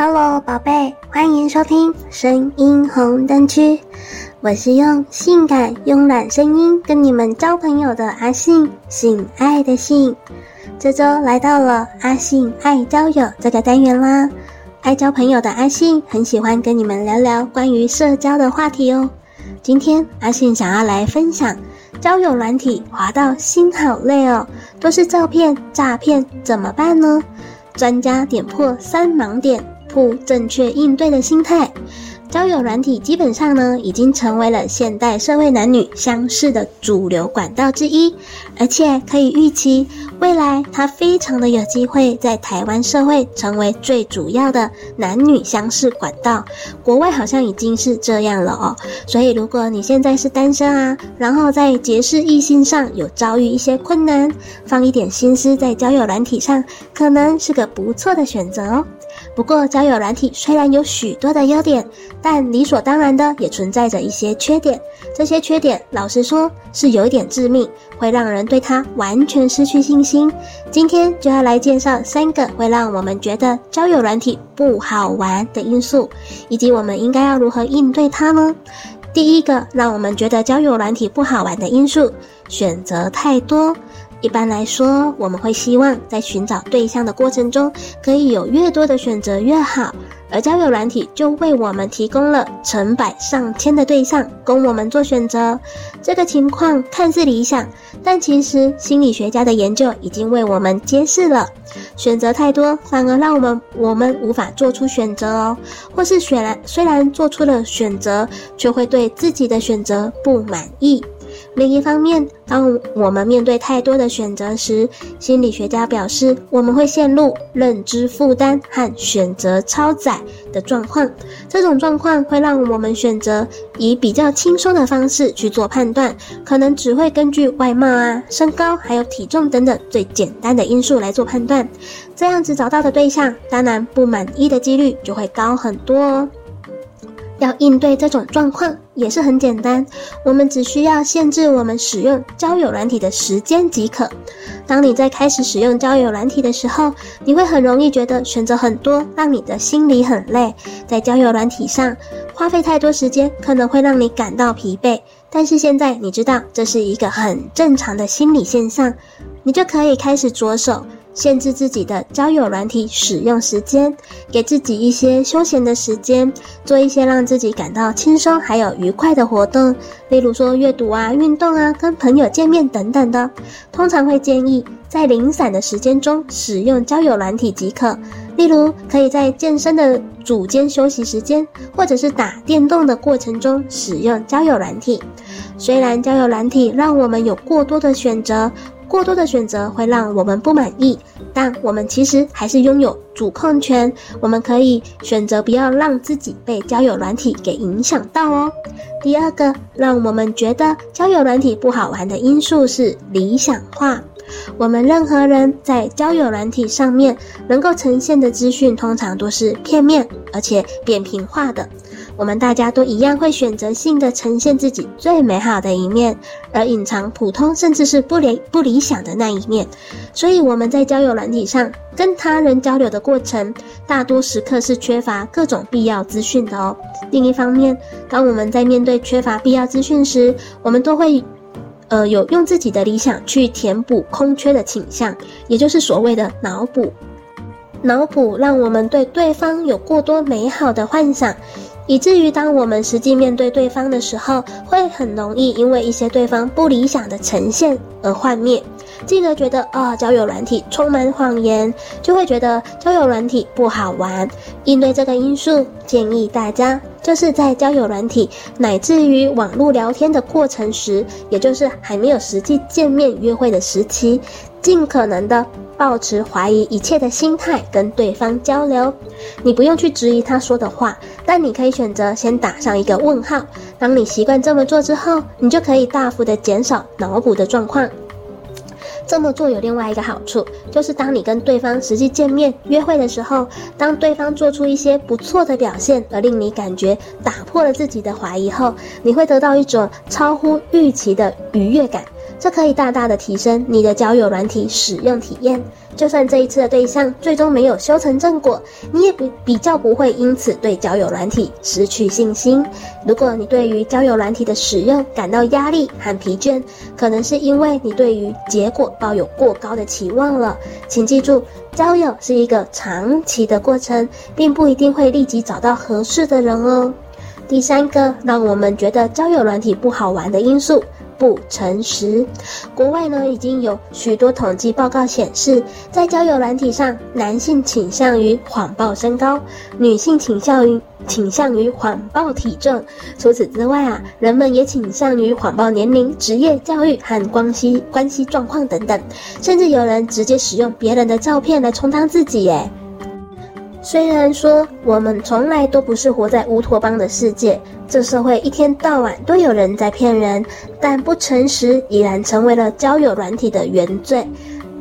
Hello，寶貝，歡迎收聽聲音紅燈區。我是用性感慵懶聲音跟你們交朋友的阿性，性愛的性。這周來到了阿性愛交友這個單元啦。愛交朋友的阿性很喜歡跟你們聊聊關於社交的話題哦。今天阿性想要來分享交友軟體滑到心好累哦，都是照騙詐騙，怎麼辦呢？專家點破三盲點。正確應對的心態，交友軟體基本上呢，已經成為了現代社會男女相識的主流管道之一，而且可以預期未來它非常的有機會在台灣社會成為最主要的男女相識管道。國外好像已經是這樣了哦，所以如果你現在是單身啊，然後在結識異性上有遭遇一些困難，放一點心思在交友軟體上，可能是個不錯的選擇哦。不過交友軟體雖然有許多的優點，但理所當然的也存在着一些缺點。這些缺點老實說是有一點致命，會讓人對它完全失去信心。今天就要來介紹三個會讓我們覺得交友軟體不好玩的因素，以及我們應該要如何應對它呢？第一個，讓我們覺得交友軟體不好玩的因素，選擇太多。一般來說，我們會希望在尋找對象的過程中，可以有越多的選擇越好。而交友軟體就為我們提供了成百上千的對象供我們做選擇。這個情況看似理想，但其實心理學家的研究已經為我們揭示了：選擇太多，反而讓我們我們無法做出選擇哦，或是雖然雖然做出了選擇，卻會對自己的選擇不滿意。另一方面，當我們面對太多的選擇時，心理學家表示我們會陷入認知負擔和選擇超載的狀況。這種狀況會讓我們選擇以比較輕鬆的方式去做判斷，可能只會根據外貌啊、身高還有體重等等最簡單的因素來做判斷。這樣子找到的對象，當然不滿意的幾率就會高很多哦。要應對這種狀況也是很簡單，我們只需要限制我們使用交友軟體的時間即可。當你在開始使用交友軟體的時候，你會很容易覺得選擇很多，讓你的心裡很累，在交友軟體上花費太多時間可能會讓你感到疲憊。但是現在你知道這是一個很正常的心理現象，你就可以開始着手。限制自己的交友軟體使用時間，給自己一些休閒的時間，做一些讓自己感到輕鬆還有愉快的活動，例如說閱讀啊、運動啊、跟朋友見面等等的。通常會建議在零散的時間中使用交友軟體即可，例如可以在健身的組間休息時間，或者是打電動的過程中使用交友軟體。雖然交友軟體讓我們有過多的選擇。過多的選擇會讓我們不滿意，但我們其實還是擁有主控權，我們可以選擇不要讓自己被交友軟體給影響到哦。第二個，讓我們覺得交友軟體不好玩的因素是理想化，我們任何人在交友軟體上面能夠呈現的資訊通常都是片面而且扁平化的。我們大家都一樣，會選擇性地呈現自己最美好的一面，而隱藏普通甚至是不理不理想的那一面。所以我們在交友軟體上跟他人交流的過程，大多時刻是缺乏各種必要資訊的哦。另一方面，當我們在面對缺乏必要資訊時，我們都會，呃，有用自己的理想去填補空缺的傾向，也就是所謂的腦補。腦補讓我們對對方有過多美好的幻想。以至於當我們實際面對對方的時候，會很容易因為一些對方不理想的呈現而幻滅。進而覺得哦，交友軟體充滿謊言，就會覺得交友軟體不好玩。應對這個因素，建議大家就是在交友軟體乃至於網絡聊天的過程時，也就是還沒有實際見面約會的時期，盡可能的。保持懷疑一切的心態跟對方交流，你不用去質疑他說的話，但你可以選擇先打上一個問號。當你習慣這麼做之後，你就可以大幅的減少腦補的狀況。這麼做有另外一個好處，就是當你跟對方實際見面約會的時候，當對方做出一些不錯的表現，而令你感覺打破了自己的懷疑後，你會得到一種超乎預期的愉悅感。這可以大大的提升你的交友軟體使用體驗，就算這一次的對象最終沒有修成正果，你也比比較不會因此對交友軟體失去信心。如果你對於交友軟體的使用感到壓力和疲倦，可能是因為你對於結果抱有過高的期望了。請記住，交友是一個長期的過程，並不一定會立即找到合適的人哦。第三個讓我們覺得交友軟體不好玩的因素。不誠實。國外呢，已經有許多統計報告顯示，在交友軟體上，男性傾向於謊報身高，女性傾向於傾向於謊報體重。除此之外啊，人們也傾向於謊報年齡、職業、教育和關係關係狀況等等，甚至有人直接使用別人的照片來充當自己誒。雖然說我們從來都不是活在烏托邦的世界，這社會一天到晚都有人在騙人，但不誠實已然成為了交友軟體的原罪。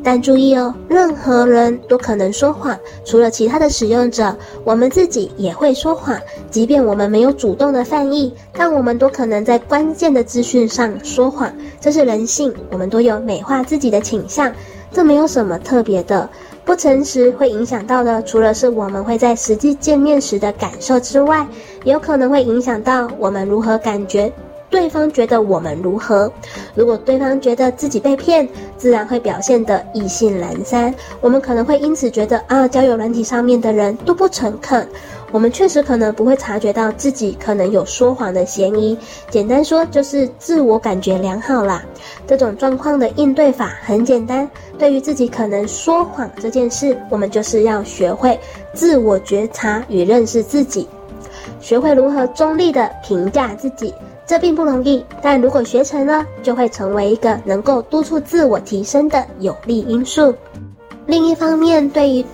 但注意哦，任何人都可能說謊，除了其他的使用者，我們自己也會說謊。即便我們沒有主動的犯意，但我們都可能在關鍵的資訊上說謊，這是人性，我們都有美化自己的傾向。這沒有什麼特別的，不誠實會影響到的，除了是我們會在實際見面時的感受之外，有可能會影響到我們如何感覺對方覺得我們如何。如果對方覺得自己被騙，自然會表現得意興闌珊，我們可能會因此覺得啊，交友軟體上面的人都不誠懇。我們確實可能不會察覺到自己可能有說謊的嫌疑，簡單說就是自我感覺良好啦。這種狀況的應對法很簡單，對於自己可能說謊這件事，我們就是要學會自我覺察與認識自己，學會如何中立的評價自己。這並不容易，但如果學成了，就會成為一個能夠督促自我提升的有利因素。另一方面，對於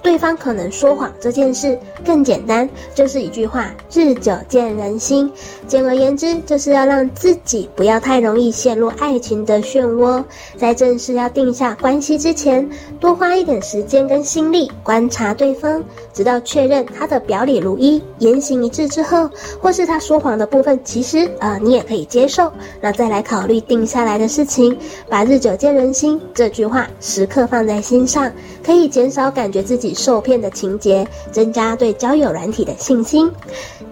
對方可能說謊這件事，更簡單就是一句話：日久見人心。簡而言之，就是要讓自己不要太容易陷入愛情的漩渦，在正式要定下關係之前，多花一點時間跟心力觀察對方，直到確認他的表裡如一、言行一致之後，或是他說謊的部分，其實呃你也可以接受。那再來考慮定下來的事情，把“日久見人心”這句話時刻放在心上，可以減少感覺自己受騙的情節，增加對交友軟體的信心。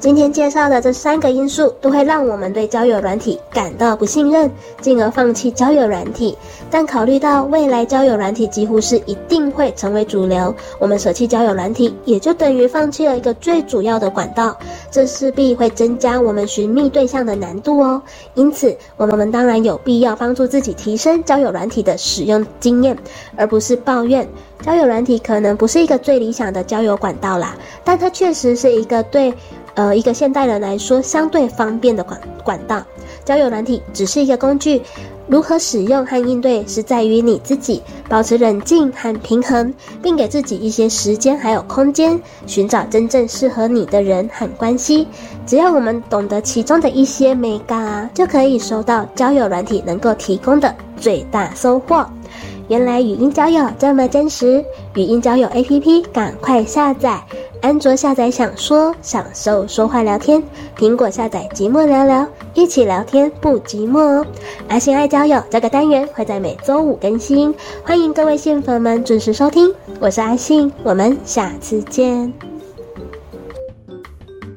今天介紹的這三個因素都會讓我們對交友軟體感到不信任，進而放棄交友軟體。但考慮到未來交友軟體幾乎是一定會成為主流，我們捨棄交友軟體也就等於放棄了一個最主要的管道，這勢必會增加我們尋覓對象的難度哦。因此，我們當然有必要幫助自己提升交友軟體的使用經驗，而不是抱怨交友軟體可能不是一個最理想的交友管道啦。但它確實是一個對。呃，一個現代人來說相對方便的管管道。交友軟體只是一個工具，如何使用和應對是在於你自己，保持冷靜和平衡，並給自己一些時間還有空間，尋找真正適合你的人和關係。只要我們懂得其中的一些眉角啊，就可以收到交友軟體能夠提供的最大收穫。原來語音交友這麼真實，語音交友 APP 趕快下載。安卓下載享說，享受說話聊天；蘋果下載寂寞聊聊，一起聊天不寂寞哦。阿性愛交友，這個單元會在每周五更新，歡迎各位性粉們準時收聽。我是阿性，我們下次見。